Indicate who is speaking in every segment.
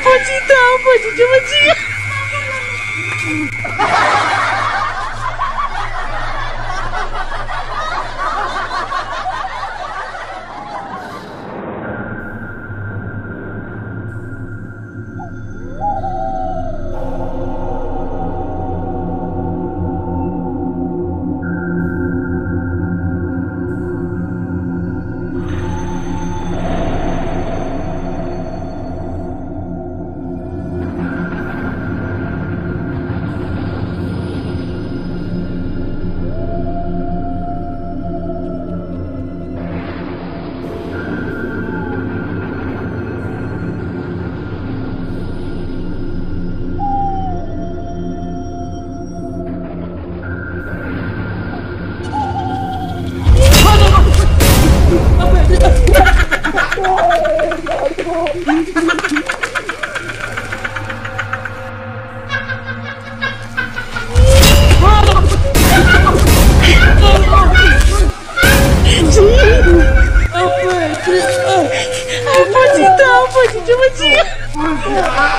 Speaker 1: 不知道，不记，不记。我不管。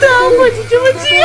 Speaker 1: 打我！你这么近！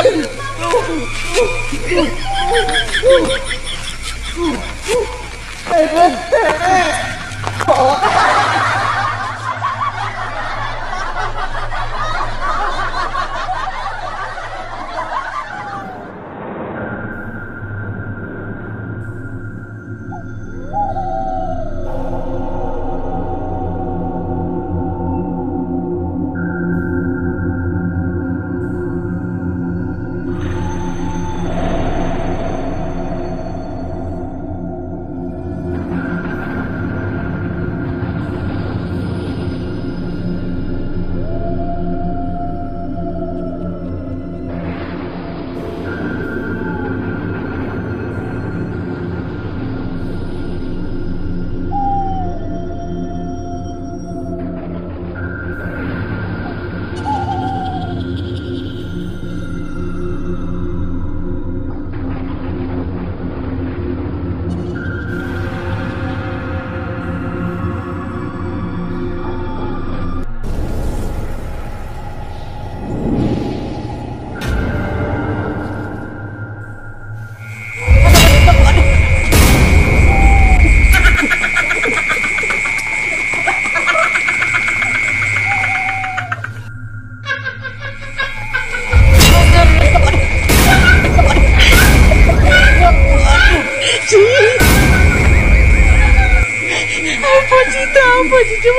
Speaker 1: 我不急，我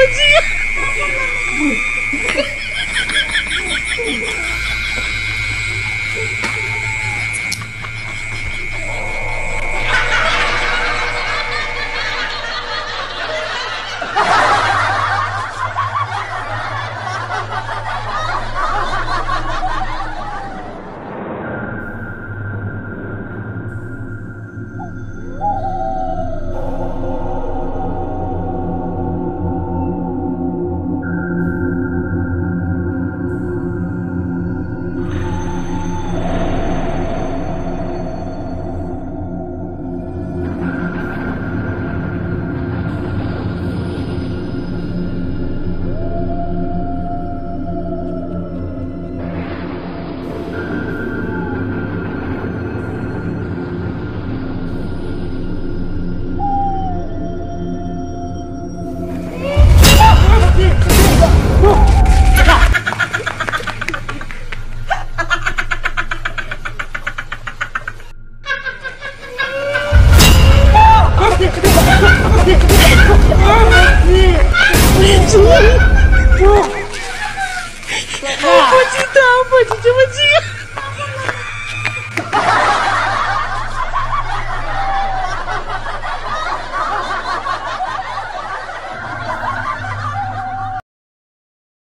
Speaker 1: 不急。我不记得，不记，不记。